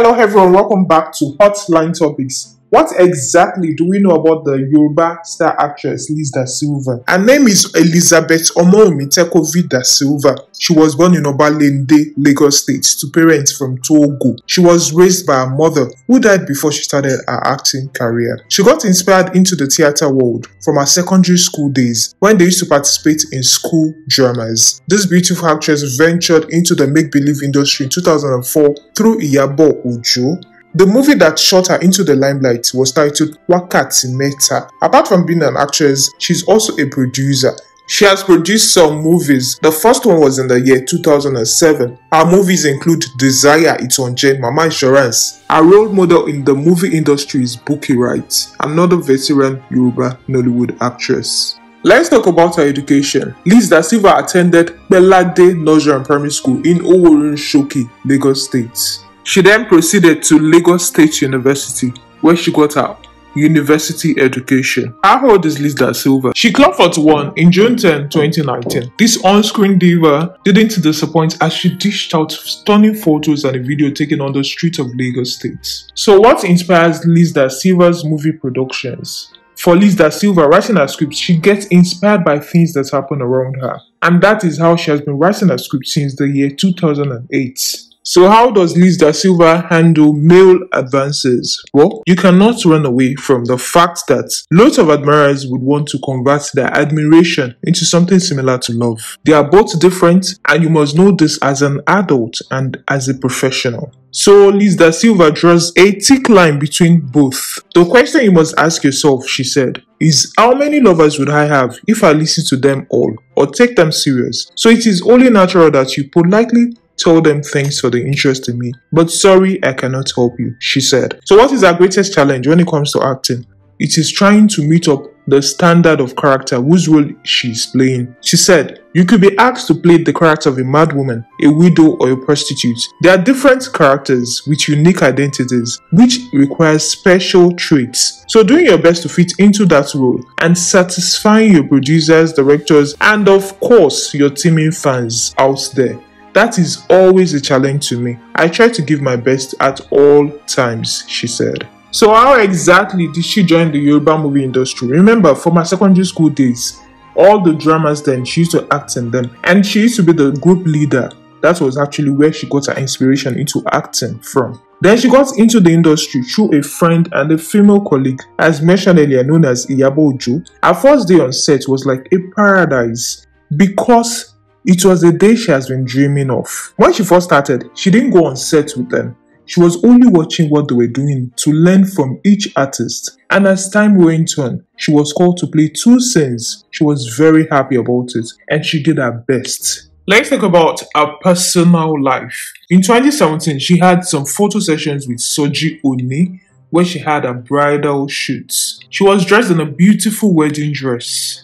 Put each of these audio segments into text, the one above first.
Hello everyone, welcome back to Hotline Topics. What exactly do we know about the Yoruba star actress Liz Da Silva? Her name is Elizabeth Omomiteko Da Silva. She was born in Obalende, Lagos State, to parents from Togo. She was raised by her mother, who died before she started her acting career. She got inspired into the theatre world from her secondary school days, when they used to participate in school dramas. This beautiful actress ventured into the make-believe industry in 2004 through Iyabo Ojo, the movie that shot her into the limelight was titled Wakati Meta. Apart from being an actress, she's also a producer. She has produced some movies. The first one was in the year 2007. Her movies include Desire, It's on Jane, Mama Insurance. Her role model in the movie industry is Bookie Wright, another veteran Yoruba Nollywood actress. Let's talk about her education. Liz Da Silva attended Belade Nigerian Primary School in Oworun Shoki, Lagos State. She then proceeded to Lagos State University, where she got her university education. How old is Liz Silva? She clocked 41 in June 10, 2019. This on-screen diva didn't disappoint as she dished out stunning photos and a video taken on the streets of Lagos State. So what inspires Liz Silva's movie productions? For Liz Silva, writing her scripts, she gets inspired by things that happen around her. And that is how she has been writing her scripts since the year 2008. So how does Liz da Silva handle male advances? Well, you cannot run away from the fact that lots of admirers would want to convert their admiration into something similar to love. They are both different and you must know this as an adult and as a professional. So Liz da Silva draws a thick line between both. The question you must ask yourself, she said, is how many lovers would I have if I listen to them all or take them serious? So it is only natural that you politely told them thanks for the interest in me, but sorry I cannot help you, she said. So what is our greatest challenge when it comes to acting? It is trying to meet up the standard of character whose role she is playing. She said, You could be asked to play the character of a madwoman, a widow, or a prostitute. There are different characters with unique identities, which requires special traits. So, doing your best to fit into that role and satisfying your producers, directors, and of course, your teaming fans out there. That is always a challenge to me. I try to give my best at all times, she said. So, how exactly did she join the Yoruba movie industry? Remember, for my secondary school days, all the dramas then, she used to act in them, and she used to be the group leader. That was actually where she got her inspiration into acting from. Then she got into the industry through a friend and a female colleague, as mentioned earlier, known as Iyabo Ojo. Her first day on set was like a paradise because it was the day she has been dreaming of. When she first started, she didn't go on set with them. She was only watching what they were doing to learn from each artist. And as time went on, she was called to play two scenes. She was very happy about it and she did her best. Let's talk about her personal life. In 2017, she had some photo sessions with Soji Oni where she had a bridal shoot. She was dressed in a beautiful wedding dress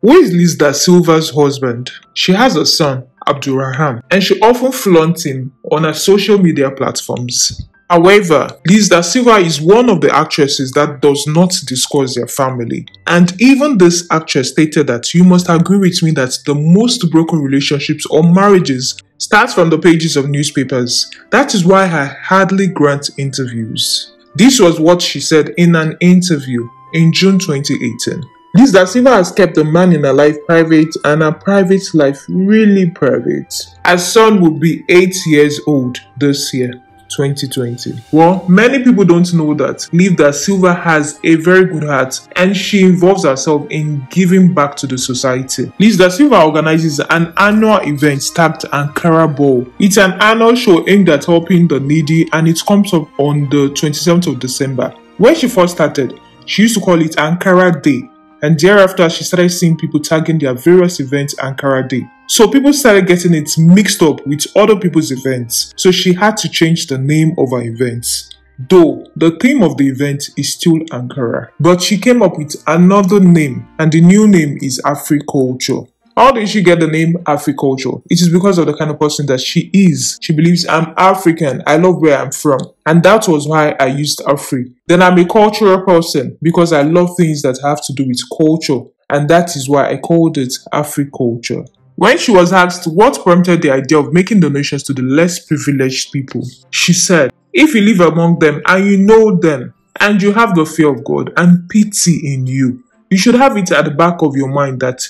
who is Liz da Silva's husband. She has a son, Abdurraham, and she often flaunts him on her social media platforms. However, Liz da Silva is one of the actresses that does not discuss their family. And even this actress stated that you must agree with me that the most broken relationships or marriages starts from the pages of newspapers. That is why I hardly grant interviews. This was what she said in an interview in June 2018. This that has kept the man in her life private and her private life really private. Her son will be 8 years old this year. 2020. Well, many people don't know that Liv Da Silva has a very good heart and she involves herself in giving back to the society. Liv Da Silva organizes an annual event tagged Ankara Ball. It's an annual show aimed at helping the needy and it comes up on the 27th of December. When she first started, she used to call it Ankara Day and thereafter she started seeing people tagging their various events Ankara Day. So people started getting it mixed up with other people's events, so she had to change the name of her events. Though the theme of the event is still Ankara, but she came up with another name and the new name is Afri Culture. How did she get the name Africulture? It is because of the kind of person that she is. She believes I'm African. I love where I'm from. And that was why I used Afri. Then I'm a cultural person because I love things that have to do with culture. And that is why I called it Africulture. When she was asked what prompted the idea of making donations to the less privileged people, she said, If you live among them and you know them, and you have the fear of God and pity in you, you should have it at the back of your mind that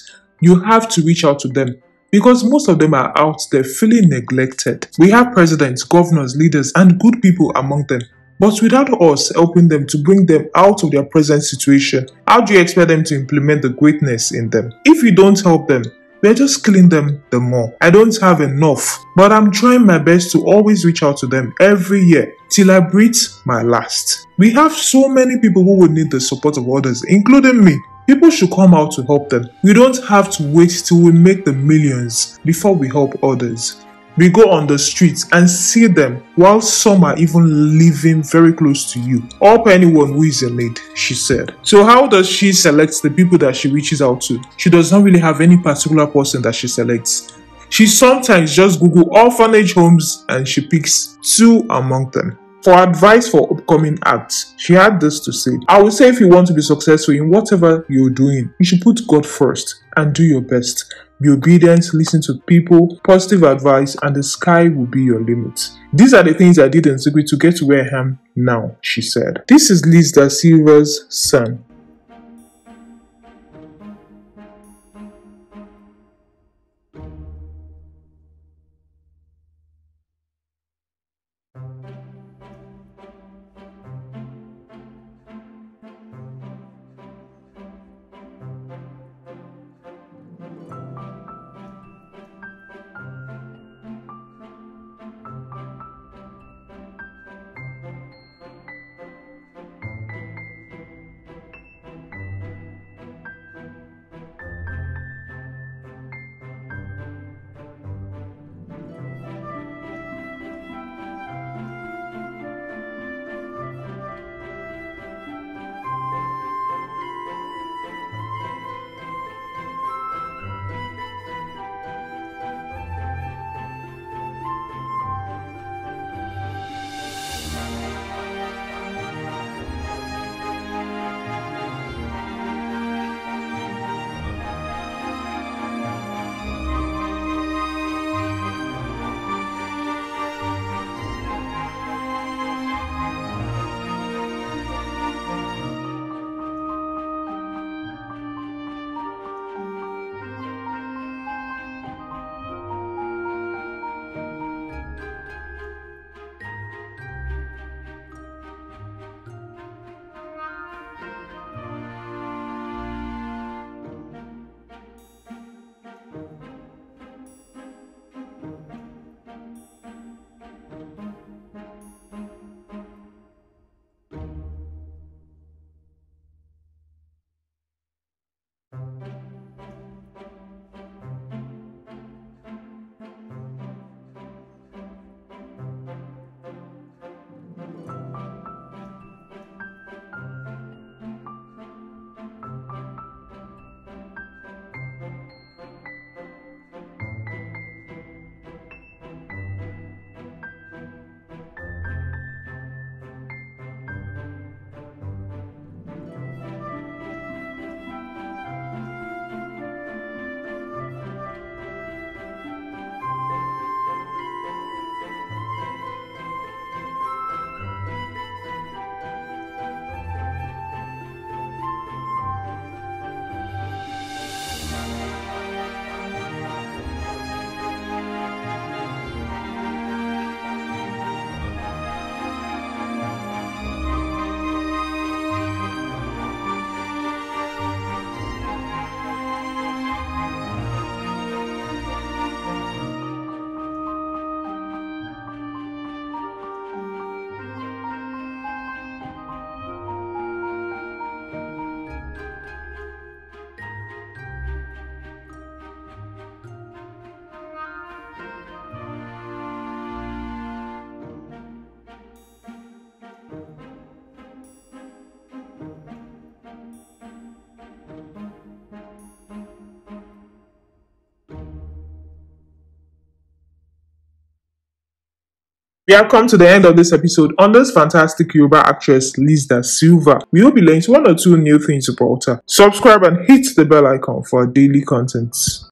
you have to reach out to them because most of them are out there feeling neglected. We have presidents, governors, leaders, and good people among them. But without us helping them to bring them out of their present situation, how do you expect them to implement the greatness in them? If you don't help them, we're just killing them the more. I don't have enough, but I'm trying my best to always reach out to them every year till I breathe my last. We have so many people who would need the support of others, including me. People should come out to help them. We don't have to wait till we make the millions before we help others. We go on the streets and see them while some are even living very close to you. Help anyone who is in need," she said. So, how does she select the people that she reaches out to? She does not really have any particular person that she selects. She sometimes just Google orphanage homes and she picks two among them. For advice for upcoming acts, she had this to say I would say if you want to be successful in whatever you're doing, you should put God first and do your best. Be obedient, listen to people, positive advice, and the sky will be your limit. These are the things I did in secret to get to where I am now, she said. This is Liz Da Silva's son. We have come to the end of this episode on this fantastic Yoruba actress Liza Silva. We will be learning one or two new things about her. Subscribe and hit the bell icon for daily content.